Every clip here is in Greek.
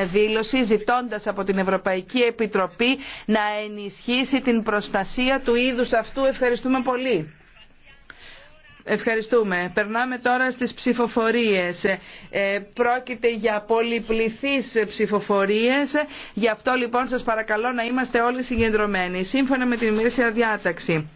δήλωση ζητώντας από την Ευρωπαϊκή Επιτροπή να ενισχύσει την προστασία του είδους αυτού. Ευχαριστούμε πολύ. Ευχαριστούμε. Περνάμε τώρα στις ψηφοφορίες. Ε, πρόκειται για πολυπληθείς ψηφοφορίες. Γι' αυτό λοιπόν σας παρακαλώ να είμαστε όλοι συγκεντρωμένοι. Σύμφωνα με την ημερήσια διάταξη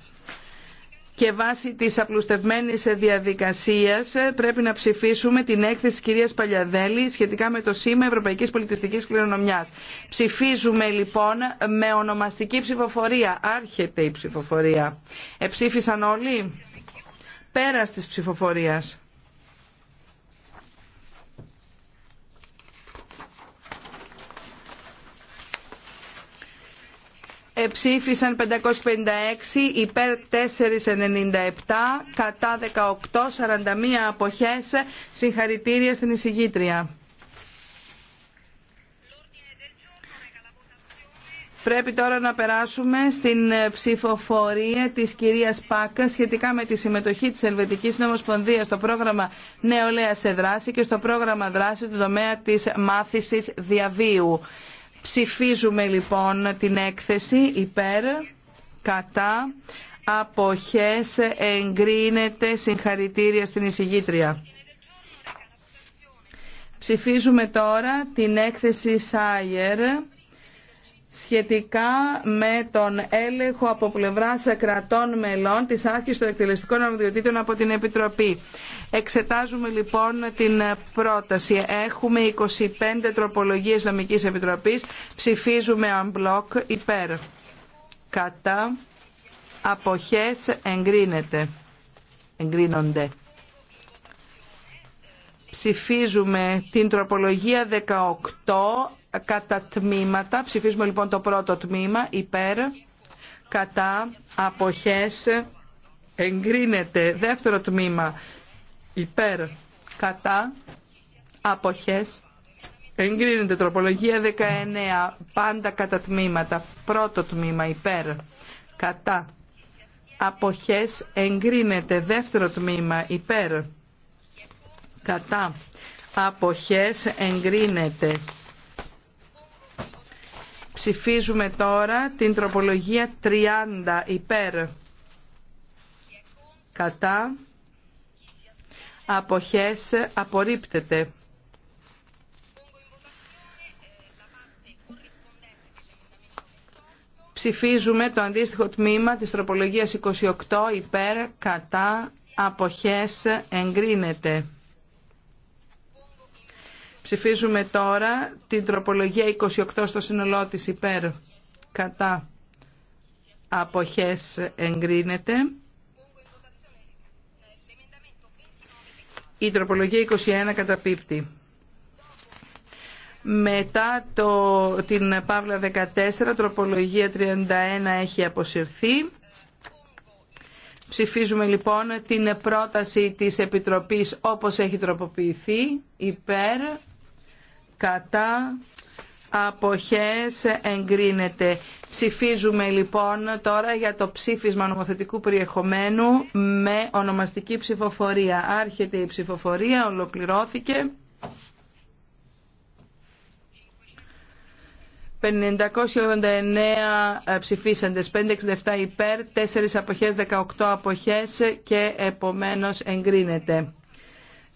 και βάσει της απλουστευμένης διαδικασία ε, πρέπει να ψηφίσουμε την έκθεση τη κυρίας Παλιαδέλη σχετικά με το σήμα Ευρωπαϊκής Πολιτιστική Κληρονομιά. Ψηφίζουμε λοιπόν με ονομαστική ψηφοφορία. Άρχεται η ψηφοφορία. Εψήφισαν όλοι πέρα της ψηφοφορία. ψήφισαν 556 υπέρ 497 κατά 18 41 αποχές συγχαρητήρια στην εισηγήτρια. Πρέπει τώρα να περάσουμε στην ψηφοφορία της κυρίας Πάκα σχετικά με τη συμμετοχή της Ελβετικής Νομοσπονδίας στο πρόγραμμα Νεολαία σε Δράση και στο πρόγραμμα Δράση του τομέα της μάθησης διαβίου. Ψηφίζουμε λοιπόν την έκθεση υπέρ, κατά, αποχές, εγκρίνεται, συγχαρητήρια στην εισηγήτρια. Ψηφίζουμε τώρα την έκθεση Σάιερ σχετικά με τον έλεγχο από πλευρά κρατών μελών της άσκησης των εκτελεστικών αρμοδιοτήτων από την Επιτροπή. Εξετάζουμε λοιπόν την πρόταση. Έχουμε 25 τροπολογίες νομικής επιτροπής. Ψηφίζουμε unblock, υπέρ. Κατά αποχές εγκρίνεται. Εγκρίνονται. Ψηφίζουμε την τροπολογία 18 κατά τμήματα. Ψηφίζουμε λοιπόν το πρώτο τμήμα υπέρ, κατά, αποχές, εγκρίνεται. Δεύτερο τμήμα υπέρ, κατά, αποχές, εγκρίνεται. Τροπολογία 19, πάντα κατά τμήματα. Πρώτο τμήμα υπέρ, κατά, αποχές, εγκρίνεται. Δεύτερο τμήμα υπέρ, κατά, αποχές, εγκρίνεται. Ψηφίζουμε τώρα την τροπολογία 30 υπέρ κατά αποχές απορρίπτεται. Ψηφίζουμε το αντίστοιχο τμήμα της τροπολογίας 28 υπέρ κατά αποχές εγκρίνεται. Ψηφίζουμε τώρα την τροπολογία 28 στο σύνολό της υπέρ κατά αποχές εγκρίνεται. Η τροπολογία 21 καταπίπτει. Μετά το, την Παύλα 14, τροπολογία 31 έχει αποσυρθεί. Ψηφίζουμε λοιπόν την πρόταση της Επιτροπής όπως έχει τροποποιηθεί, υπέρ, κατά αποχές εγκρίνεται. Ψηφίζουμε λοιπόν τώρα για το ψήφισμα νομοθετικού περιεχομένου με ονομαστική ψηφοφορία. Άρχεται η ψηφοφορία, ολοκληρώθηκε. 589 ψηφίσαντες, 567 υπέρ, 4 αποχές, 18 αποχές και επομένως εγκρίνεται.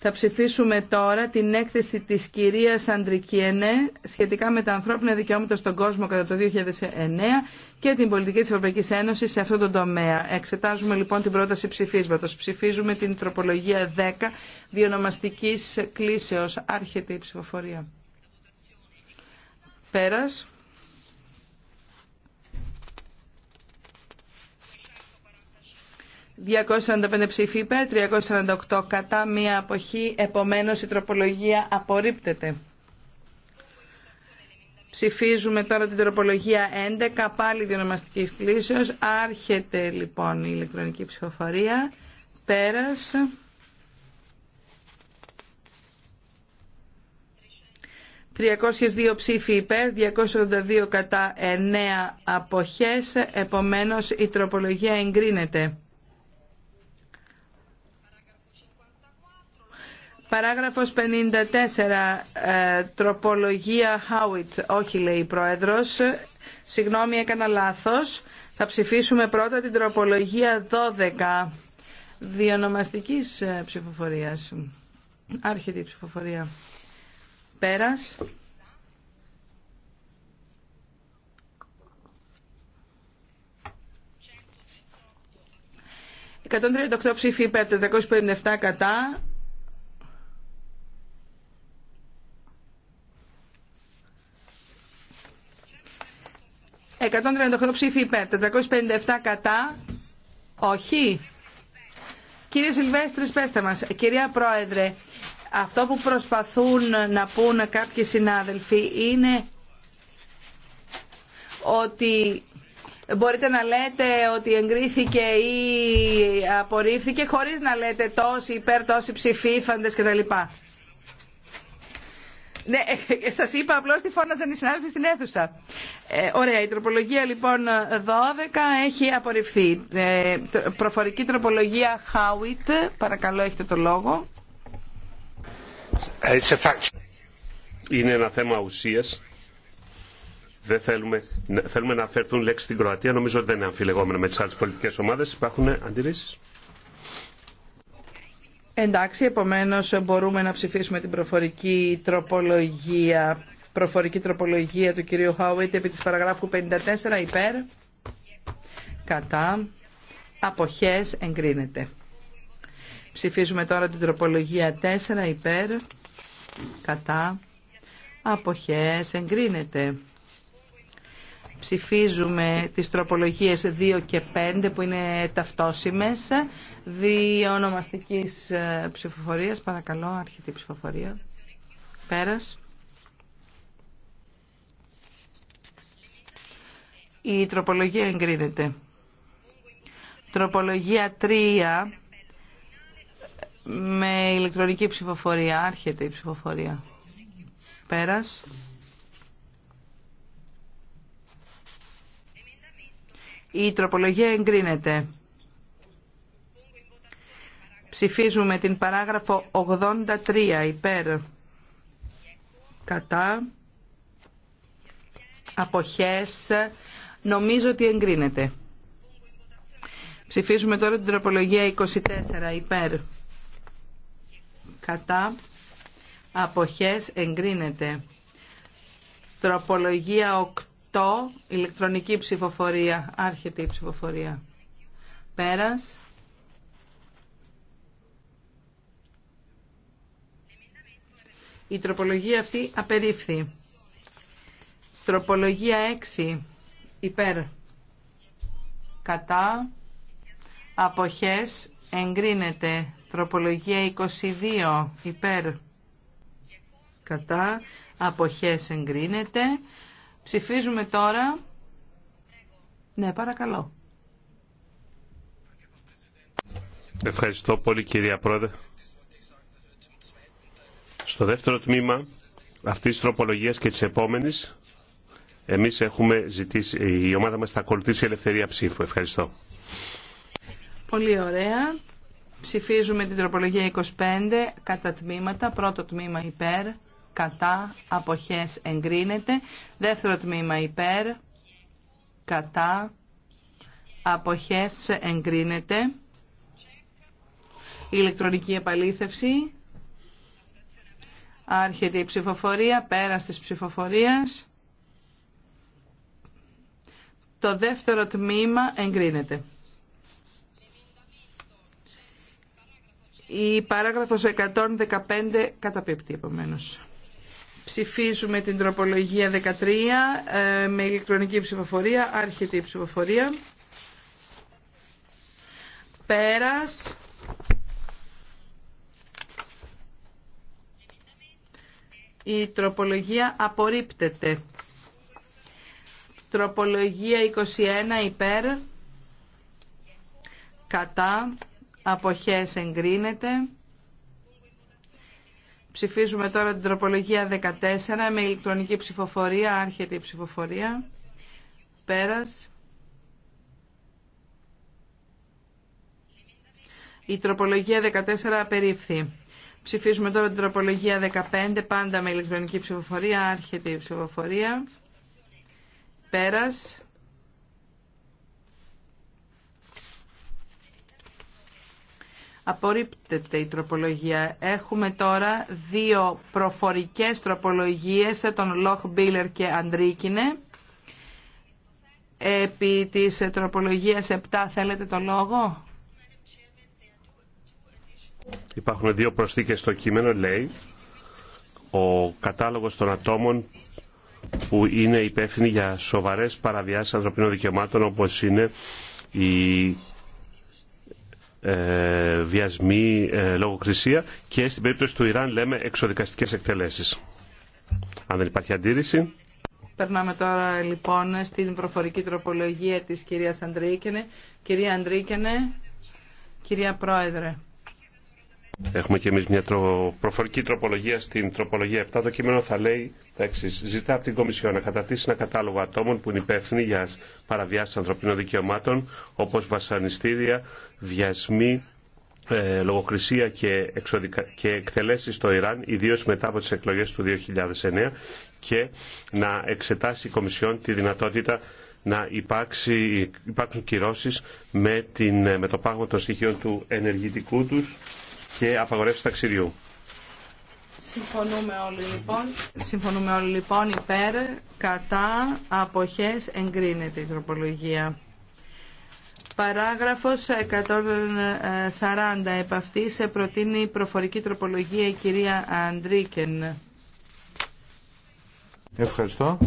Θα ψηφίσουμε τώρα την έκθεση της κυρίας Αντρικιενέ σχετικά με τα ανθρώπινα δικαιώματα στον κόσμο κατά το 2009 και την πολιτική της Ευρωπαϊκής Ένωσης σε αυτόν τον τομέα. Εξετάζουμε λοιπόν την πρόταση ψηφίσματος. Ψηφίζουμε την τροπολογία 10 διονομαστικής κλίσεως. Άρχεται η ψηφοφορία. Πέρας. 245 ψήφοι υπέρ, 348 κατά, μία αποχή, επομένως η τροπολογία απορρίπτεται. Ψηφίζουμε τώρα την τροπολογία 11, πάλι διονομαστική κλήσεως. Άρχεται λοιπόν η ηλεκτρονική ψηφοφορία. Πέρας. 302 ψήφοι υπέρ, 282 κατά 9 αποχές, επομένως η τροπολογία εγκρίνεται. Παράγραφος 54, ε, τροπολογία Howitt. Όχι, λέει η Πρόεδρος. Συγγνώμη, έκανα λάθος. Θα ψηφίσουμε πρώτα την τροπολογία 12, διονομαστικής ε, ψηφοφορίας. Άρχεται ψηφοφορία. Πέρας. «138 ψήφοι υπέρ, 457 κατά, 138 ψήφοι υπέρ, 457 κατά. Όχι. Κύριε Σιλβέστρης, πέστε μας. Κυρία Πρόεδρε, αυτό που προσπαθούν να πούν κάποιοι συνάδελφοι είναι ότι μπορείτε να λέτε ότι εγκρίθηκε ή απορρίφθηκε χωρίς να λέτε τόσοι υπέρ, τόσοι ψηφίφαντες κτλ. Ναι, ε, σα είπα απλώ τι φώναζαν οι συνάδελφοι στην αίθουσα. Ε, ωραία, η τροπολογία λοιπόν 12 έχει απορριφθεί. Ε, προφορική τροπολογία Χάουιτ, παρακαλώ έχετε το λόγο. Είναι ένα θέμα ουσία. Δεν θέλουμε, θέλουμε να αφαιρθούν λέξει στην Κροατία. Νομίζω ότι δεν είναι αμφιλεγόμενο με τι άλλε πολιτικέ ομάδε. Υπάρχουν αντιρρήσει. Εντάξει, επομένως μπορούμε να ψηφίσουμε την προφορική τροπολογία, προφορική τροπολογία του κυρίου Χάουιτ επί της παραγράφου 54 υπέρ, κατά, αποχές εγκρίνεται. Ψηφίζουμε τώρα την τροπολογία 4 υπέρ, κατά, αποχές εγκρίνεται. Ψηφίζουμε τις τροπολογίες 2 και 5 που είναι ταυτόσιμες. Δύο ονομαστικής ε, ψηφοφορίας. Παρακαλώ, αρχιτή ψηφοφορία. Πέρας. Η τροπολογία εγκρίνεται. Τροπολογία 3 με ηλεκτρονική ψηφοφορία. Άρχεται η ψηφοφορία. Πέρας. Η τροπολογία εγκρίνεται. Ψηφίζουμε την παράγραφο 83 υπέρ κατά αποχές. Νομίζω ότι εγκρίνεται. Ψηφίζουμε τώρα την τροπολογία 24 υπέρ κατά αποχές εγκρίνεται. Τροπολογία το, ηλεκτρονική ψηφοφορία. Άρχεται η ψηφοφορία. Πέρας. Η τροπολογία αυτή απερίφθη. Τροπολογία 6. Υπέρ. Κατά. Αποχές. Εγκρίνεται. Τροπολογία 22. Υπέρ. Κατά. Αποχές εγκρίνεται. Ψηφίζουμε τώρα. Ναι, παρακαλώ. Ευχαριστώ πολύ κυρία Πρόεδρε. Στο δεύτερο τμήμα αυτής της τροπολογίας και της επόμενης εμείς έχουμε ζητήσει, η ομάδα μας θα ακολουθήσει ελευθερία ψήφου. Ευχαριστώ. Πολύ ωραία. Ψηφίζουμε την τροπολογία 25 κατά τμήματα. Πρώτο τμήμα υπέρ κατά, αποχές εγκρίνεται. Δεύτερο τμήμα υπέρ, κατά, αποχές εγκρίνεται. Ηλεκτρονική επαλήθευση. Άρχεται η ψηφοφορία, πέρας της ψηφοφορίας. Το δεύτερο τμήμα εγκρίνεται. Η παράγραφος 115 καταπίπτει επομένως. Ψηφίζουμε την τροπολογία 13 ε, με ηλεκτρονική ψηφοφορία, άρχεται η ψηφοφορία. Πέρας. Η τροπολογία απορρίπτεται. Τροπολογία 21 υπέρ. Κατά. Αποχές εγκρίνεται. Ψηφίζουμε τώρα την τροπολογία 14 με ηλεκτρονική ψηφοφορία, άρχεται η ψηφοφορία. Πέρας. Η τροπολογία 14 απερίφθη. Ψηφίζουμε τώρα την τροπολογία 15, πάντα με ηλεκτρονική ψηφοφορία, άρχεται η ψηφοφορία. Πέρας. Απορρίπτεται η τροπολογία. Έχουμε τώρα δύο προφορικές τροπολογίες των Λοχ Μπίλερ και Αντρίκινε. Επί της τροπολογίας 7 θέλετε το λόγο. Υπάρχουν δύο προσθήκες στο κείμενο, λέει. Ο κατάλογος των ατόμων που είναι υπεύθυνοι για σοβαρές παραβιάσεις ανθρωπίνων δικαιωμάτων όπως είναι η ε, βιασμοί, ε, λογοκρισία και στην περίπτωση του Ιράν λέμε εξοδικαστικές εκτελέσεις. Αν δεν υπάρχει αντίρρηση. Περνάμε τώρα λοιπόν στην προφορική τροπολογία της κυρίας Αντρίκενε. Κυρία Αντρίκενε, κυρία Πρόεδρε. Έχουμε και εμεί μια προφορική τροπολογία στην τροπολογία 7. Το κείμενο θα λέει τα εξή. Ζητά από την Κομισιόν να καταρτήσει ένα κατάλογο ατόμων που είναι υπεύθυνοι για παραβιάσει ανθρωπίνων δικαιωμάτων όπω βασανιστήρια, βιασμοί, ε, λογοκρισία και, εξοδικα... και εκτελέσεις στο Ιράν, ιδίω μετά από τι εκλογέ του 2009 και να εξετάσει η Κομισιόν τη δυνατότητα να υπάρξει, υπάρξουν κυρώσεις με, την, με το πάγμα των στοιχείων του ενεργητικού τους και απαγορεύσει ταξιδιού. Συμφωνούμε όλοι λοιπόν. Συμφωνούμε λοιπόν υπέρ, κατά, αποχές, εγκρίνεται η τροπολογία. Παράγραφος 140. Επ' αυτή σε προτείνει προφορική τροπολογία η κυρία Αντρίκεν. Ευχαριστώ.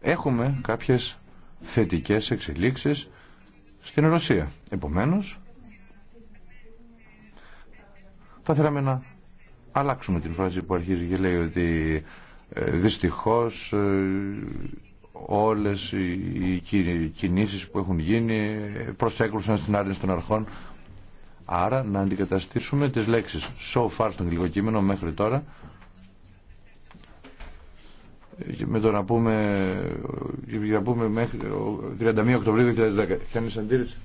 Έχουμε κάποιες θετικές εξελίξεις στην Ρωσία. Επομένως, θα θέλαμε να αλλάξουμε την φράση που αρχίζει και λέει ότι ε, δυστυχώς ε, όλες οι κινήσεις που έχουν γίνει προσέκρουσαν στην άρνηση των αρχών. Άρα να αντικαταστήσουμε τις λέξεις so far στον αγγλικό μέχρι τώρα ε, με το να πούμε, ε, για να πούμε μέχρι 31 ε, Οκτωβρίου 2010. Κάνεις αντίρρηση.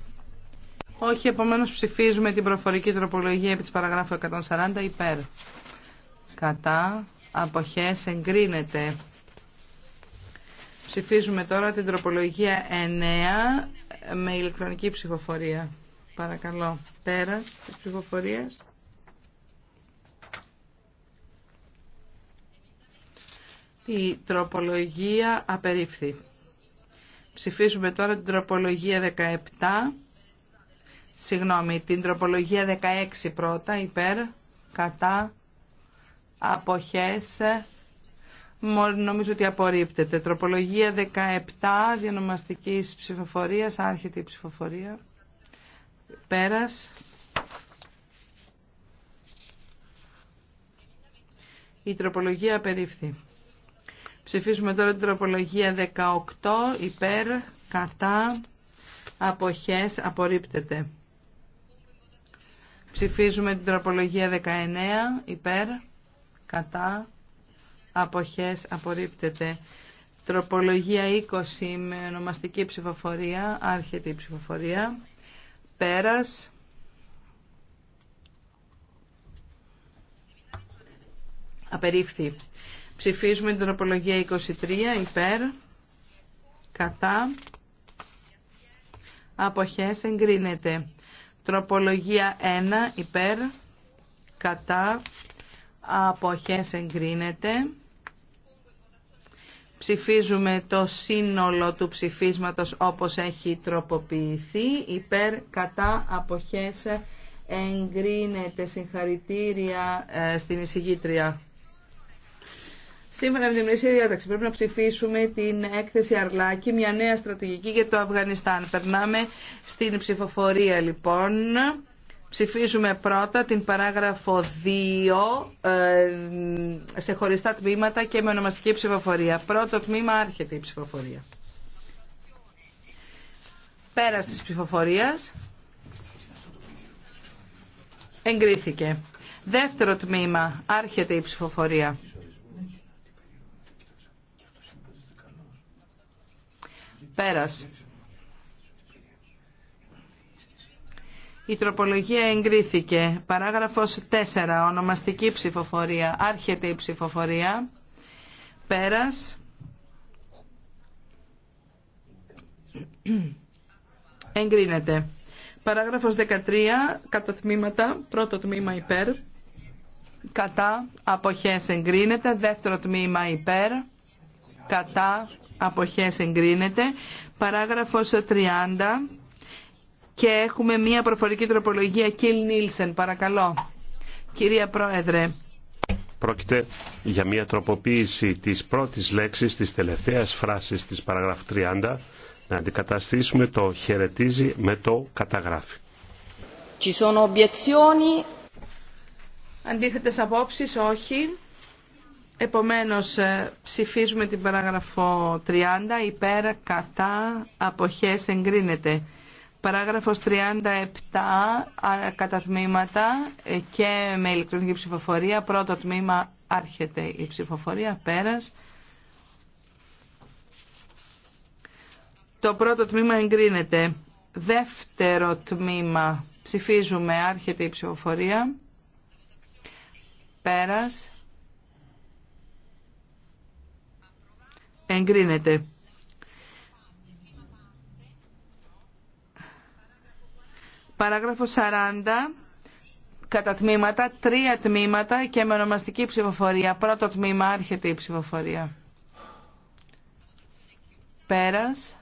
Όχι, επομένω ψηφίζουμε την προφορική τροπολογία επί της παραγράφου 140 υπέρ. Κατά, αποχές, εγκρίνεται. Ψηφίζουμε τώρα την τροπολογία 9 με ηλεκτρονική ψηφοφορία. Παρακαλώ, πέρας της ψηφοφορίας. Η τροπολογία απερίφθη. Ψηφίζουμε τώρα την τροπολογία 17. Συγγνώμη, την τροπολογία 16 πρώτα, υπέρ, κατά, αποχές, νομίζω ότι απορρίπτεται. Τροπολογία 17, διανομαστικής ψηφοφορίας, άρχεται η ψηφοφορία. Πέρας. Η τροπολογία απερίφθη. Ψηφίζουμε τώρα την τροπολογία 18 υπέρ, κατά, αποχές, απορρίπτεται. Ψηφίζουμε την τροπολογία 19 υπέρ, κατά, αποχές, απορρίπτεται. Τροπολογία 20 με ονομαστική ψηφοφορία, άρχεται η ψηφοφορία. Πέρας. Απερίφθη. Ψηφίζουμε την τροπολογία 23 υπέρ, κατά, αποχές εγκρίνεται. Τροπολογία 1 υπέρ, κατά, αποχές εγκρίνεται. Ψηφίζουμε το σύνολο του ψηφίσματος όπως έχει τροποποιηθεί. Υπέρ, κατά, αποχές εγκρίνεται. Συγχαρητήρια ε, στην εισηγήτρια. Σύμφωνα με την ημερήσια διάταξη πρέπει να ψηφίσουμε την έκθεση Αρλάκη, μια νέα στρατηγική για το Αφγανιστάν. Περνάμε στην ψηφοφορία λοιπόν. Ψηφίζουμε πρώτα την παράγραφο 2 ε, σε χωριστά τμήματα και με ονομαστική ψηφοφορία. Πρώτο τμήμα άρχεται η ψηφοφορία. Πέρας της ψηφοφορίας εγκρίθηκε. Δεύτερο τμήμα άρχεται η ψηφοφορία. Πέρας. Η τροπολογία εγκρίθηκε. Παράγραφος 4. Ονομαστική ψηφοφορία. Άρχεται η ψηφοφορία. Πέρας. Εγκρίνεται. Παράγραφος 13. Κατά τμήματα. Πρώτο τμήμα υπέρ. Κατά. Αποχές εγκρίνεται. Δεύτερο τμήμα υπέρ. Κατά αποχές εγκρίνεται. Παράγραφος 30 και έχουμε μία προφορική τροπολογία Κιλ Νίλσεν. Παρακαλώ. Κυρία Πρόεδρε. Πρόκειται για μία τροποποίηση της πρώτης λέξης της τελευταίας φράσης της παραγράφου 30 να αντικαταστήσουμε το χαιρετίζει με το καταγράφει. Ci sono Αντίθετες απόψεις, όχι. Επομένως ε, ψηφίζουμε την παράγραφο 30 υπέρ κατά αποχές εγκρίνεται. Παράγραφος 37 κατά τμήματα ε, και με ηλεκτρονική ψηφοφορία. Πρώτο τμήμα άρχεται η ψηφοφορία πέρας. Το πρώτο τμήμα εγκρίνεται. Δεύτερο τμήμα ψηφίζουμε άρχεται η ψηφοφορία. Πέρας. εγκρίνεται. Παράγραφο 40, κατά τμήματα, τρία τμήματα και με ονομαστική ψηφοφορία. Πρώτο τμήμα, άρχεται η ψηφοφορία. Πέρας.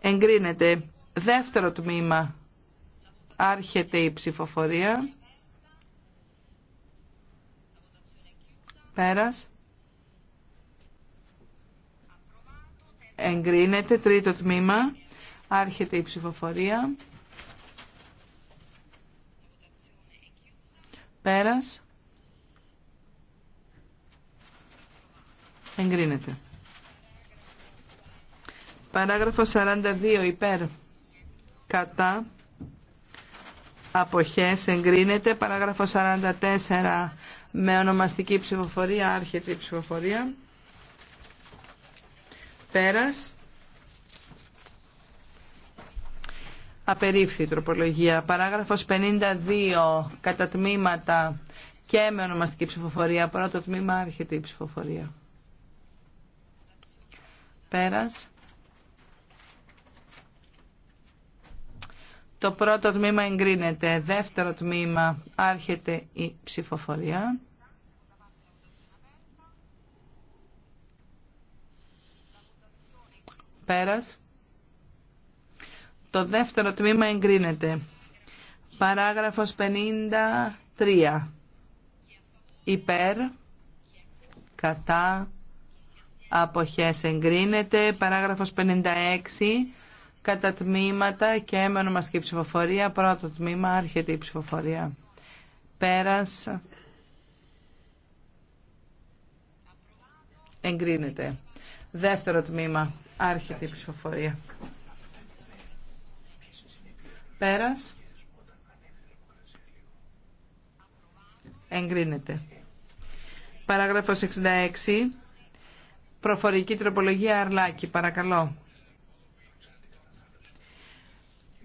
Εγκρίνεται. Δεύτερο τμήμα, άρχεται η ψηφοφορία. Πέρας. εγκρίνεται. Τρίτο τμήμα. Άρχεται η ψηφοφορία. Πέρας. Εγκρίνεται. Παράγραφο 42 υπέρ. Κατά. Αποχές εγκρίνεται. Παράγραφο 44 με ονομαστική ψηφοφορία. Άρχεται η ψηφοφορία. Πέρας. Απερίφθη η τροπολογία. Παράγραφος 52. Κατά τμήματα και με ονομαστική ψηφοφορία. Πρώτο τμήμα άρχεται η ψηφοφορία. Πέρας. Το πρώτο τμήμα εγκρίνεται. Δεύτερο τμήμα άρχεται η ψηφοφορία. Πέρας. Το δεύτερο τμήμα εγκρίνεται. Παράγραφος 53. Υπέρ. Κατά. Αποχές εγκρίνεται. Παράγραφος 56. Κατά τμήματα και έμενο μας και η ψηφοφορία. Πρώτο τμήμα άρχεται η ψηφοφορία. Πέρας. Εγκρίνεται. Δεύτερο τμήμα. Άρχεται η ψηφοφορία. Πέρας. Εγκρίνεται. Παράγραφος 66. Προφορική τροπολογία Αρλάκη. Παρακαλώ.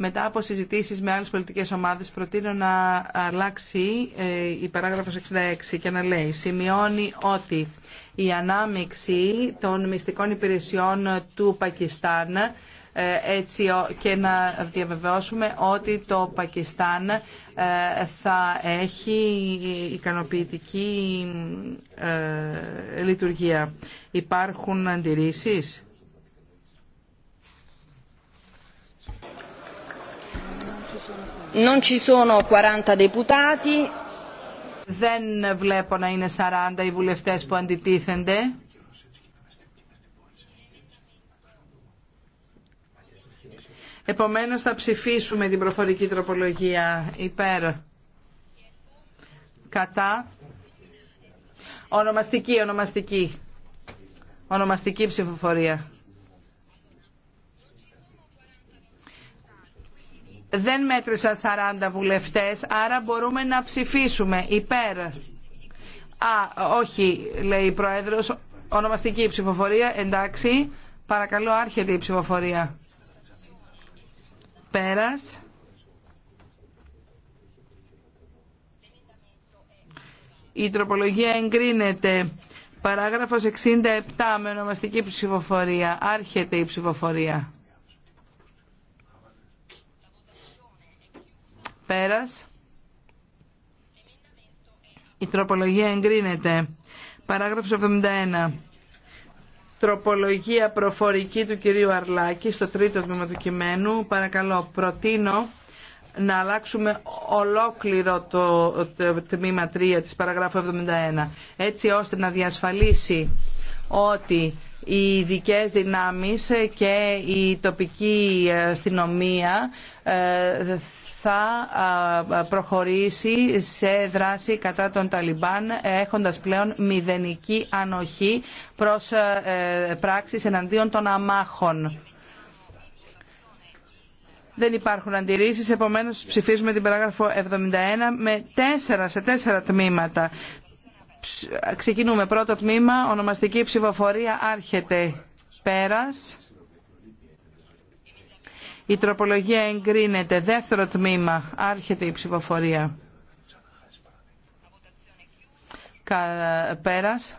Μετά από συζητήσεις με άλλες πολιτικές ομάδες προτείνω να αλλάξει ε, η παράγραφος 66 και να λέει «Σημειώνει ότι η ανάμειξη των μυστικών υπηρεσιών του Πακιστάν ε, έτσι και να διαβεβαιώσουμε ότι το Πακιστάν ε, θα έχει ικανοποιητική λειτουργία. Υπάρχουν αντιρρήσεις. Non 40 Δεν βλέπω να είναι 40 οι βουλευτές που αντιτίθενται. Επομένως θα ψηφίσουμε την προφορική τροπολογία υπέρ κατά ονομαστική, ονομαστική, ονομαστική ψηφοφορία. Δεν μέτρησα 40 βουλευτές, άρα μπορούμε να ψηφίσουμε υπέρ. Α, όχι, λέει η Πρόεδρος, ονομαστική ψηφοφορία, εντάξει. Παρακαλώ, άρχεται η ψηφοφορία. Πέρας. Η τροπολογία εγκρίνεται. Παράγραφος 67 με ονομαστική ψηφοφορία. Άρχεται η ψηφοφορία. πέρας. Η τροπολογία εγκρίνεται. Παράγραφος 71. Τροπολογία προφορική του κυρίου Αρλάκη στο τρίτο τμήμα του κειμένου. Παρακαλώ, προτείνω να αλλάξουμε ολόκληρο το, το τμήμα 3 της παραγράφου 71, έτσι ώστε να διασφαλίσει ότι οι ειδικέ δυνάμεις και η τοπική αστυνομία ε, θα προχωρήσει σε δράση κατά των Ταλιμπάν έχοντας πλέον μηδενική ανοχή προς ε, ε, πράξεις εναντίον των αμάχων. Δεν υπάρχουν αντιρρήσεις, επομένως ψηφίζουμε την παράγραφο 71 με τέσσερα σε τέσσερα τμήματα. Ξεκινούμε πρώτο τμήμα, ονομαστική ψηφοφορία άρχεται πέρας. Η τροπολογία εγκρίνεται. Δεύτερο τμήμα. Άρχεται η ψηφοφορία. Πέρας.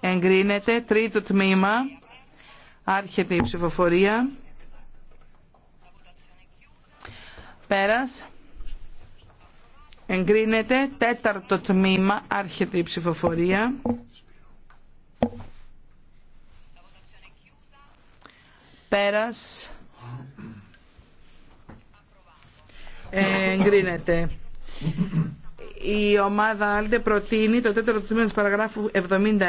Εγκρίνεται. Τρίτο τμήμα. Άρχεται η ψηφοφορία. Πέρας. Εγκρίνεται. Τέταρτο τμήμα. Άρχεται η ψηφοφορία. Πέρας. Ε, εγκρίνεται. Η ομάδα Άλτε προτείνει το τέταρτο τμήμα της παραγράφου 71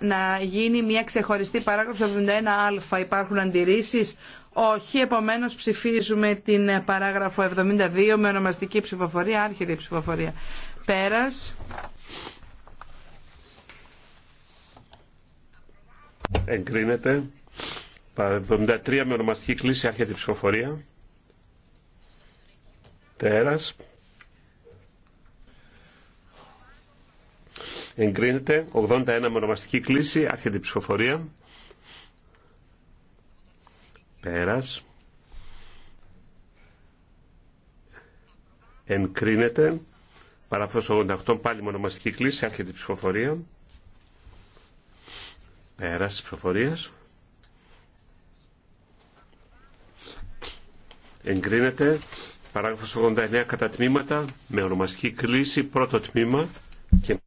να γίνει μια ξεχωριστη παραγραφο παράγραφος 71α. Υπάρχουν αντιρρήσεις. Όχι, επομένω ψηφίζουμε την παράγραφο 72 με ονομαστική ψηφοφορία, άρχεται ψηφοφορία. Πέρα. Εγκρίνεται. 73 με ονομαστική κλίση άρχεται η ψηφοφορία. Τέρας. Εγκρίνεται. 81 με ονομαστική κλίση άρχεται η ψηφοφορία. Πέρας. Εγκρίνεται. Παραφρός 88 πάλι με ονομαστική κλίση άρχεται η ψηφοφορία. Πέρας της ψηφοφορίας. εγκρίνεται. Παράγραφος 89 κατά τμήματα με ονομαστική κλίση πρώτο τμήμα και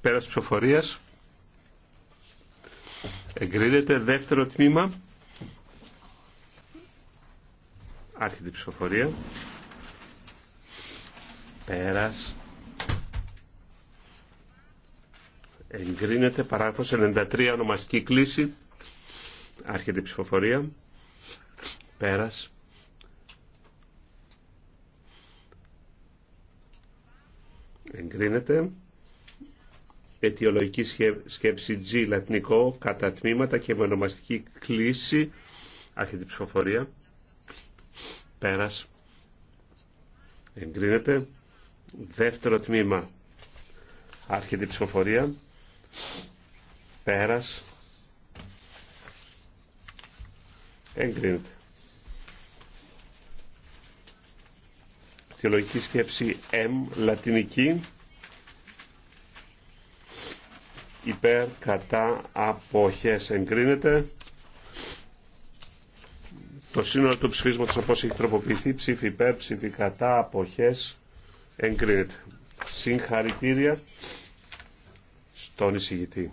πέρας ψηφοφορίας εγκρίνεται δεύτερο τμήμα άρχιτη ψηφοφορία πέρας εγκρίνεται παράγραφος 93 ονομαστική κλίση άρχεται ψηφοφορία Πέρας. Εγκρίνεται. Αιτιολογική σκέψη G, λατινικό, κατά τμήματα και μονομαστική κλίση. Άρχεται ψηφοφορία. Πέρας. Εγκρίνεται. Δεύτερο τμήμα. Άρχεται ψηφοφορία. Πέρας. Εγκρίνεται. Θεολογική σκέψη M, λατινική. Υπέρ, κατά, αποχές εγκρίνεται. Το σύνολο του ψηφίσματος όπως έχει τροποποιηθεί, ψήφι υπέρ, ψήφι κατά, αποχές εγκρίνεται. Συγχαρητήρια στον εισηγητή.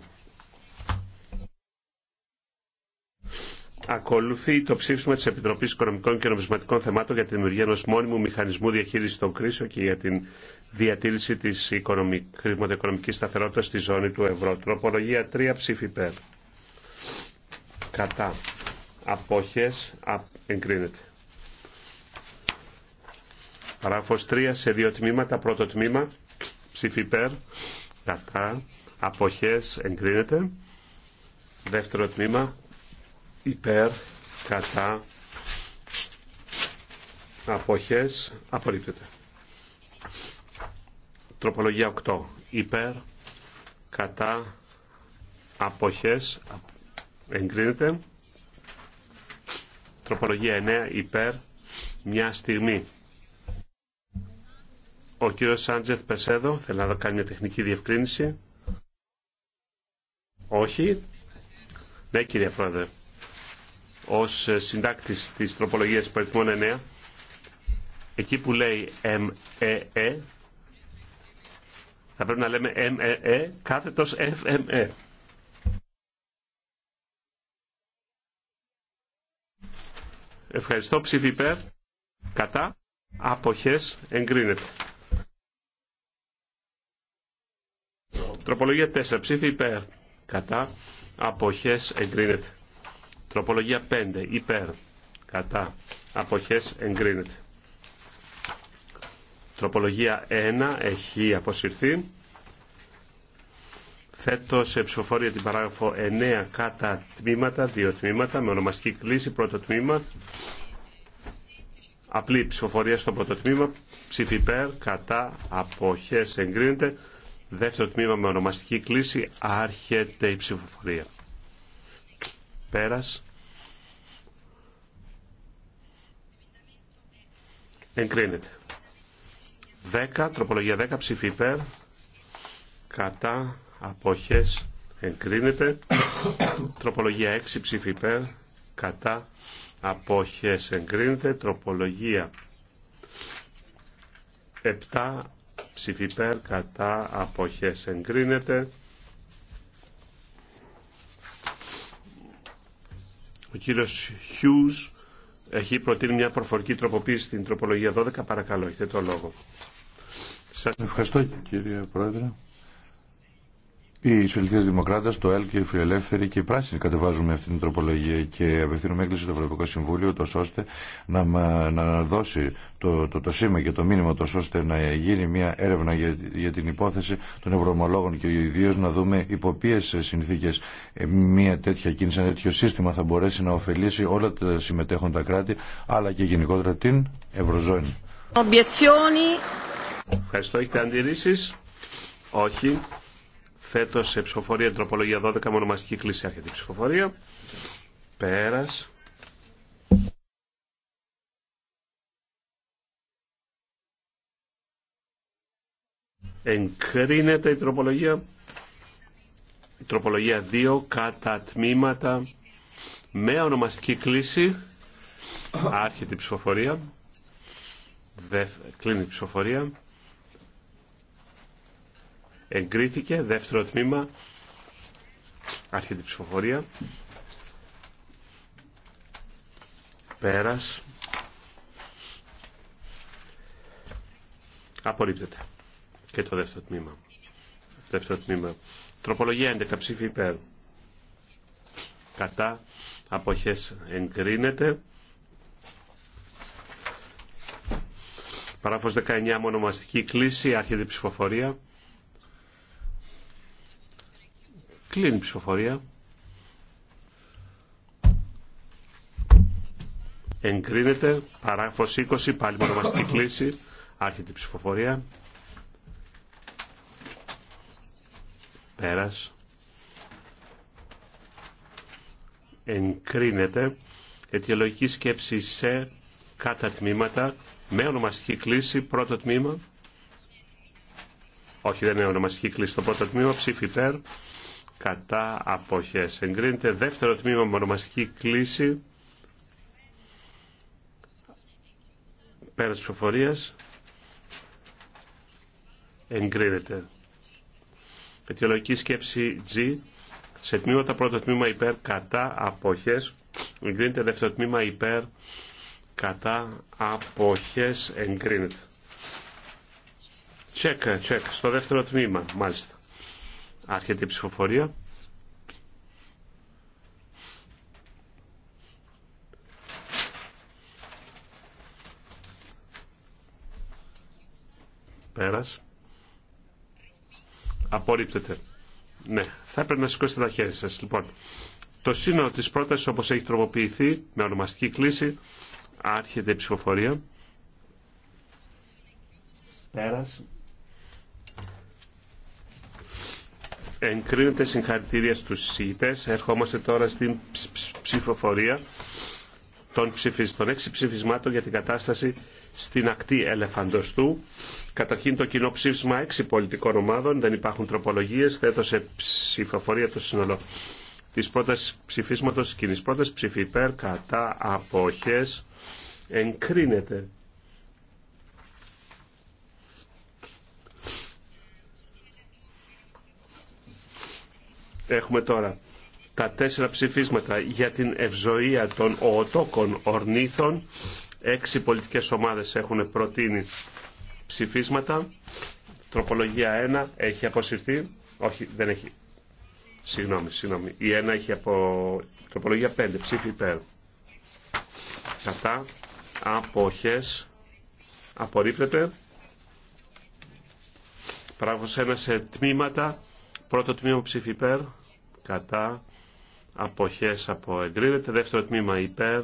ακολουθεί το ψήφισμα τη Επιτροπή Οικονομικών και Νομισματικών Θεμάτων για τη δημιουργία ενό μόνιμου μηχανισμού διαχείριση των κρίσεων και για την διατήρηση τη χρηματοοικονομική σταθερότητα στη ζώνη του ευρώ. Τροπολογία 3 ψήφι υπέρ. Κατά. Απόχε. εγκρίνεται. Παράγραφο 3 σε δύο τμήματα. Πρώτο τμήμα ψήφι υπέρ. Κατά. Αποχές εγκρίνεται. Δεύτερο τμήμα υπέρ, κατά, αποχές, απορρίπτεται. Τροπολογία 8. Υπέρ, κατά, αποχές, εγκρίνεται. Τροπολογία 9. Υπέρ, μια στιγμή. Ο κύριος Σάντζεφ Πεσέδο θέλει να κάνει μια τεχνική διευκρίνηση. Όχι. Ναι κύριε Πρόεδρε ως ε, συντάκτης της τροπολογίας υπαριθμών 9 εκεί που λέει M-E-E θα πρέπει να λέμε e κάθετος e Ευχαριστώ ψήφι υπέρ κατά αποχές εγκρίνεται Τροπολογία 4 ψήφι υπέρ κατά αποχές εγκρίνεται Τροπολογία 5. Υπέρ. Κατά. Αποχές εγκρίνεται. Τροπολογία 1. Έχει αποσυρθεί. Θέτω σε ψηφοφορία την παράγραφο 9 κατά τμήματα, δύο τμήματα, με ονομαστική κλίση, πρώτο τμήμα. Απλή ψηφοφορία στο πρώτο τμήμα, ψήφι υπέρ, κατά, αποχές εγκρίνεται. Δεύτερο τμήμα με ονομαστική κλίση, άρχεται η ψηφοφορία. Πέρας. Εγκρίνεται. 10, τροπολογία 10, ψήφι υπέρ. Κατά, αποχές, εγκρίνεται. τροπολογία 6, ψήφι υπέρ. Κατά, αποχές, εγκρίνεται. Τροπολογία 7, ψήφι υπέρ. Κατά, αποχές, εγκρίνεται. Ο κύριος Hughes έχει προτείνει μια προφορική τροποποίηση στην τροπολογία 12. Παρακαλώ, έχετε το λόγο. Σας ευχαριστώ κύριε Πρόεδρε. Οι Σοσιαλιστέ Δημοκράτε, το ΕΛ και οι Φιλελεύθεροι και οι Πράσινοι κατεβάζουμε αυτή την τροπολογία και απευθύνουμε έκκληση στο Ευρωπαϊκό Συμβούλιο, τόσο ώστε να, να δώσει το, το, το σήμα και το μήνυμα, τόσο ώστε να γίνει μια έρευνα για, για την υπόθεση των ευρωομολόγων και ιδίω να δούμε υπό ποιε συνθήκε ε, μια τέτοια κίνηση, ένα τέτοιο σύστημα θα μπορέσει να ωφελήσει όλα τα συμμετέχοντα κράτη, αλλά και γενικότερα την Ευρωζώνη. Ευχαριστώ. Έχετε αντιρρήσει. Όχι φέτο σε ψηφοφορία τροπολογία 12 με ονομαστική κλίση. Άρχεται η ψηφοφορία. Πέρας. Εγκρίνεται η τροπολογία. Η τροπολογία 2 κατά τμήματα με ονομαστική κλίση. Άρχεται η ψηφοφορία. Δε, κλείνει η ψηφοφορία εγκρίθηκε. Δεύτερο τμήμα, άρχεται η ψηφοφορία. Πέρας. Απορρίπτεται. Και το δεύτερο τμήμα. Δεύτερο τμήμα. Τροπολογία 11 ψήφι υπέρ. Κατά αποχές εγκρίνεται. Παράφος 19 μονομαστική κλίση, άρχεται ψηφοφορία. Κλείνει η ψηφοφορία. Εγκρίνεται. Παράγραφο 20. Πάλι μονομαστική κλίση. Άρχεται η ψηφοφορία. Πέρας. Εγκρίνεται. Αιτιολογική σκέψη σε κατά τμήματα με ονομαστική κλίση. Πρώτο τμήμα. Όχι, δεν είναι ονομαστική κλίση. Το πρώτο τμήμα ψήφι υπέρ κατά αποχές. Εγκρίνεται δεύτερο τμήμα με ονομαστική κλίση πέρας ψηφοφορίας. Εγκρίνεται. Αιτιολογική σκέψη G. Σε τμήματα πρώτο τμήμα υπέρ κατά αποχές. Εγκρίνεται δεύτερο τμήμα υπέρ κατά αποχές εγκρίνεται. Check, check. στο δεύτερο τμήμα, μάλιστα. Άρχεται η ψηφοφορία. Πέρας. Απορρίπτεται. Ναι, θα έπρεπε να σηκώσετε τα χέρια σας. Λοιπόν, το σύνολο της πρότασης όπως έχει τροποποιηθεί με ονομαστική κλίση άρχεται η ψηφοφορία. Πέρας. εγκρίνεται συγχαρητήρια στους συζητητές. Ερχόμαστε τώρα στην ψηφοφορία των, ψηφισ... έξι ψηφισμάτων για την κατάσταση στην ακτή Ελεφαντοστού. Καταρχήν το κοινό ψήφισμα έξι πολιτικών ομάδων, δεν υπάρχουν τροπολογίες, θέτω σε ψηφοφορία το σύνολο της πρώτας ψηφίσματος, κοινής πρώτας ψηφιπέρ, κατά αποχές, εγκρίνεται. Έχουμε τώρα τα τέσσερα ψηφίσματα για την ευζοία των οτόκων ορνήθων. Έξι πολιτικές ομάδες έχουν προτείνει ψηφίσματα. Τροπολογία 1 έχει αποσυρθεί. Όχι, δεν έχει. Συγγνώμη, συγγνώμη. Η 1 έχει από... Τροπολογία 5, ψήφι υπέρ. Κατά. Αποχές. Απορρίπτεται. Πράγμα σε σε τμήματα Πρώτο τμήμα ψήφι υπέρ, κατά, αποχές από εγκρίνεται. Δεύτερο τμήμα υπέρ,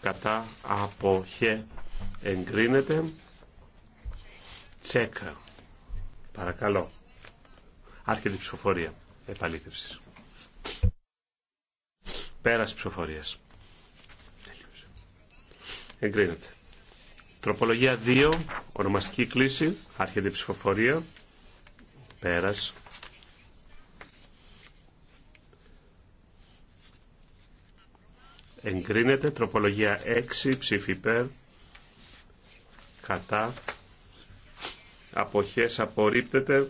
κατά, αποχέ εγκρίνεται. Τσέκα. Παρακαλώ. Άρχεται η ψηφοφορία Επαλήθευση. Πέρας ψηφοφορίας. Εγκρίνεται. Τροπολογία 2, ονομαστική κλίση, άρχεται η ψηφοφορία, πέρας. εγκρίνεται. Τροπολογία 6 ψήφι υπέρ κατά αποχές απορρίπτεται.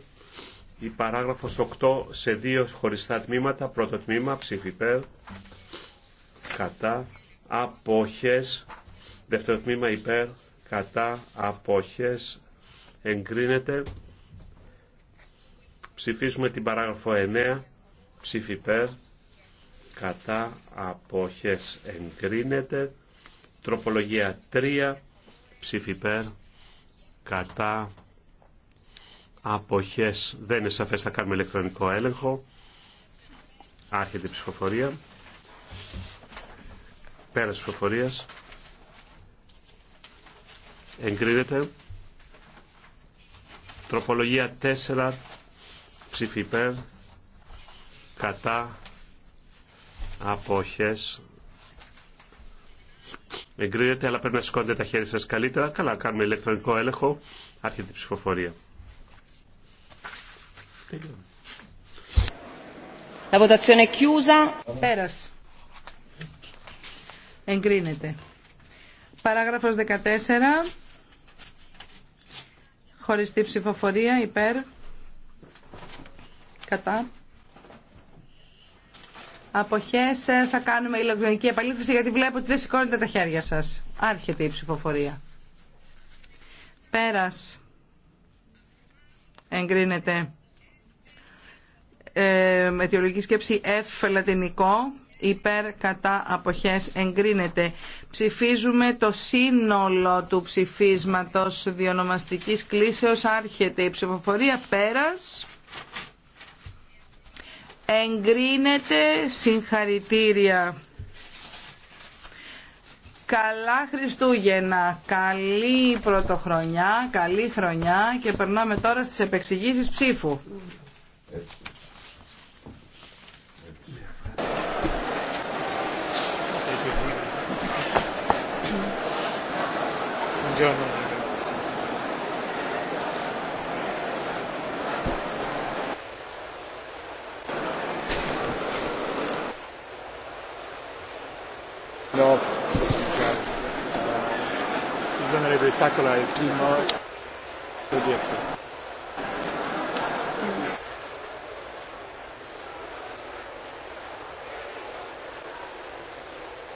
Η παράγραφος 8 σε δύο χωριστά τμήματα. Πρώτο τμήμα ψήφι υπέρ κατά αποχές. Δεύτερο τμήμα υπέρ κατά αποχές εγκρίνεται. ψηφίσουμε την παράγραφο 9 ψήφι υπέρ κατά αποχές εγκρίνεται τροπολογία 3 ψηφιπέρ κατά αποχές δεν είναι σαφές θα κάνουμε ηλεκτρονικό έλεγχο άρχεται η ψηφοφορία πέρας ψηφοφορίας εγκρίνεται τροπολογία 4 ψηφιπέρ κατά αποχές εγκρίνεται αλλά πρέπει να σηκώνετε τα χέρια σας καλύτερα καλά κάνουμε ηλεκτρονικό έλεγχο άρχεται η ψηφοφορία La Εγκρίνεται. Παράγραφος 14. Χωριστή ψηφοφορία υπέρ. Κατά. Αποχές ε, θα κάνουμε ηλεκτρονική επαλήθευση γιατί βλέπω ότι δεν σηκώνετε τα χέρια σας. Άρχεται η ψηφοφορία. Πέρας. Εγκρίνεται. Ε, με σκέψη F λατινικό υπέρ κατά αποχές εγκρίνεται. Ψηφίζουμε το σύνολο του ψηφίσματος διονομαστικής κλίσεως. Άρχεται η ψηφοφορία πέρας εγκρίνεται συγχαρητήρια. Καλά Χριστούγεννα, καλή πρωτοχρονιά, καλή χρονιά και περνάμε τώρα στις επεξηγήσεις ψήφου. She's l'onorevole Tacola è primo